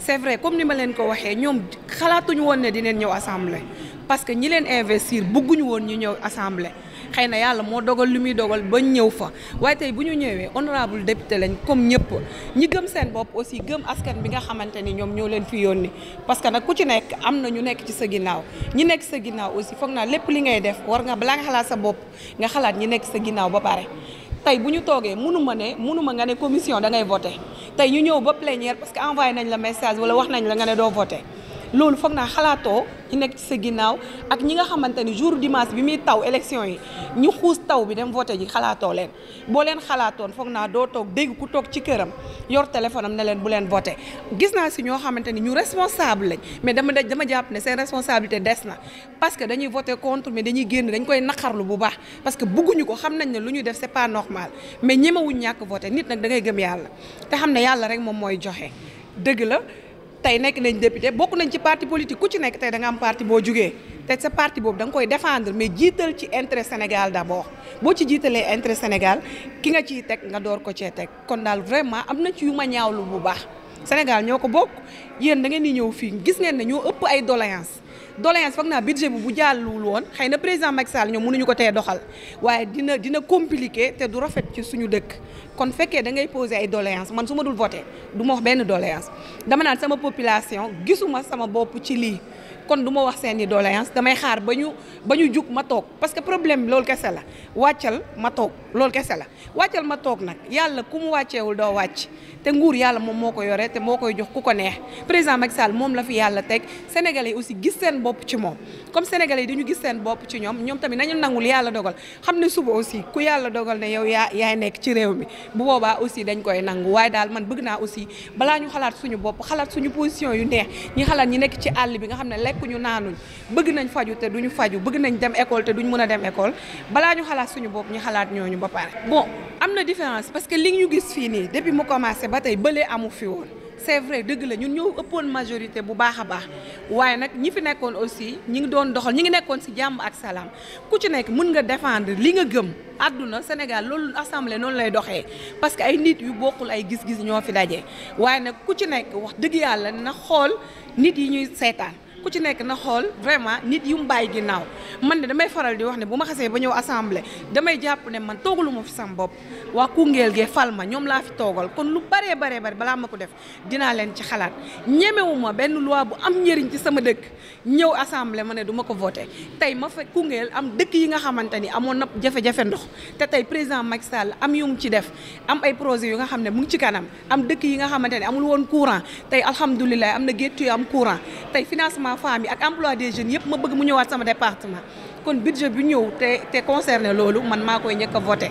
c'est vrai comme ni ma leen ko waxee ñoom xalaatuñu woon ne dinañ ñëw assemblée parce que ñi leen investir bëgguñu woon ñu ñëw assemblée xëy na yàlla moo dogal li muy dogal ba ñëw fa waaye tey bu ñu ñëwee honorable député lañ comme ñëpp ñi gëm seen bopp aussi gëm askan bi nga xamante ni ñoom ñoo leen fi yónni parce que nag ku ci nekk am na ñu nekk ci sa ginnaaw ñi nekk sa ginnaaw aussi foog naa lépp li ngay def war nga balaa nga xalaat sa bopp nga xalaat ñi nekk sa ginnaaw ba pare tey bu ñu toogee munuma ne mënu nga ne commission da ngay voté tey ñu ñëw ba plénière parce que envoyé nañ la message wala wax nañ la nga ne doo voté loolu foog naa xalaatoo ñu nekk ci sa ginnaaw ak ñi nga xamante ni jour dimance bi muy taw élection yi ñu xuus taw bi dem voté ji xalaatoo leen boo leen xalaatoon foog naa doo toog dégg ku toog ci këram yor téléphone am ne leen bu leen voté gis naa si ñoo xamante ni ñu responsable lañ mais dama dama jàpp ne seen responsabilité des na parce que dañuy voté contre mais dañuy génn dañ koy naqarlu bu baax parce que bugguñu ko xam nañ ne lu ñu def c'est pas normal mais ñemewuñ ñàkk voté nit nag da ngay yàlla te xam ne yàlla rek moom mooy joxe tey nekk nañ député bokk nañ ci parti politique ku ci nekk tey da nga am parti boo jugee te sa parti boobu da nga koy défendre mais jiital ci intérêt Sénégal d'abord boo ci jiitalee intérêt Sénégal ki nga ciy teg nga door ko cee teg kon daal vraiment am na ci yu ma lu bu baax Sénégal ñoo ko bokk yéen da ngeen di ñëw fii gis ngeen ne ñoo ëpp ay doléance doléance foog naa budget bi bu jàllul woon xëy na président Macky Sall ñoom mënuñu ko tee doxal waaye dina dina compliqué te du rafet ci suñu dëkk kon fekkee da ngay poser ay doléance man su ma dul voté du ma benn doléance dama naan sama population gisuma sama bopp ci lii kon du ma wax seeni doléance damay xaar ba ñu ba ñu jug ma toog parce que problème bi loolu kese la wàccal ma toog loolu kese la wàccal ma toog nag yàlla ku mu wàcceewul doo wàcc te nguur yàlla moom moo ko yore te moo koy jox ku ko neex président Macky Sall moom la fi yàlla teg sénégalais yi aussi gis seen bopp ci moom comme sénégal yi dañu gis seen bopp ci ñoom ñoom tamit nañu nangul yàlla dogal xam ne suba aussi ku yàlla dogal ne yow yaa yaay nekk ci réew mi bu boobaa aussi dañ koy nangu waaye daal naa aussi balaa ñu xalaat suñu bopp xalaat suñu position yu neex ñi xalaat nekk ci àll bi nga xam ne lekk ku ñu naanuñ bëgg nañ faju te ñu faju bëgg nañ dem école te duñ mën a dem école balaa ñu xalaat suñu bopp ñu xalaat ñooñu ba pare. bon am na différence parce que li ñu gis fii nii depuis mu commencé ba tey bële amu fi woon. c'est vrai dëgg la ñu ñoo ëppoon majorité bu baax a baax waaye nag ñi fi nekkoon aussi ñi ngi doon doxal ñi ngi nekkoon ci jàmm ak salaam ku ci nekk mën nga défendre li nga gëm àdduna Sénégal loolu assemblée noonu lay doxee parce que ay nit yu bokkul ay gis-gis ñoo fi daje waaye nag ku ci nekk wax dëgg yàlla na xool nit yi ñuy seetaan ku ci nekk na xool vraiment nit yu mu bàyyi ginnaaw man ne damay faral di wax ne bu ma xasee ba ñëw assemblée damay jàpp ne man toogalu ma fi sama bopp waa Koungheul gee fal ma ñoom laa fi toogal kon lu baree baree bari balaa ma ko def dinaa leen ci xalaat ñemewu ma benn loi bu am njëriñ ci sama dëkk ñëw assemble ma ne duma ko voté tey ma fekk Koungheul am dëkk yi nga xamante ni amoon na jafe ndox te tey président am yu mu ci def am ay projet nga xam ne mu ngi ci kanam am dëkk yi nga xamante ne amul woon courant tey alhamdulilah am na gétt yu am courant tey financement développement femmes yi ak emploi des jeunes yëpp ma bëgg mu ñëwaat sama département kon budget bu ñëw te te concerné loolu man maa koy njëkk a voté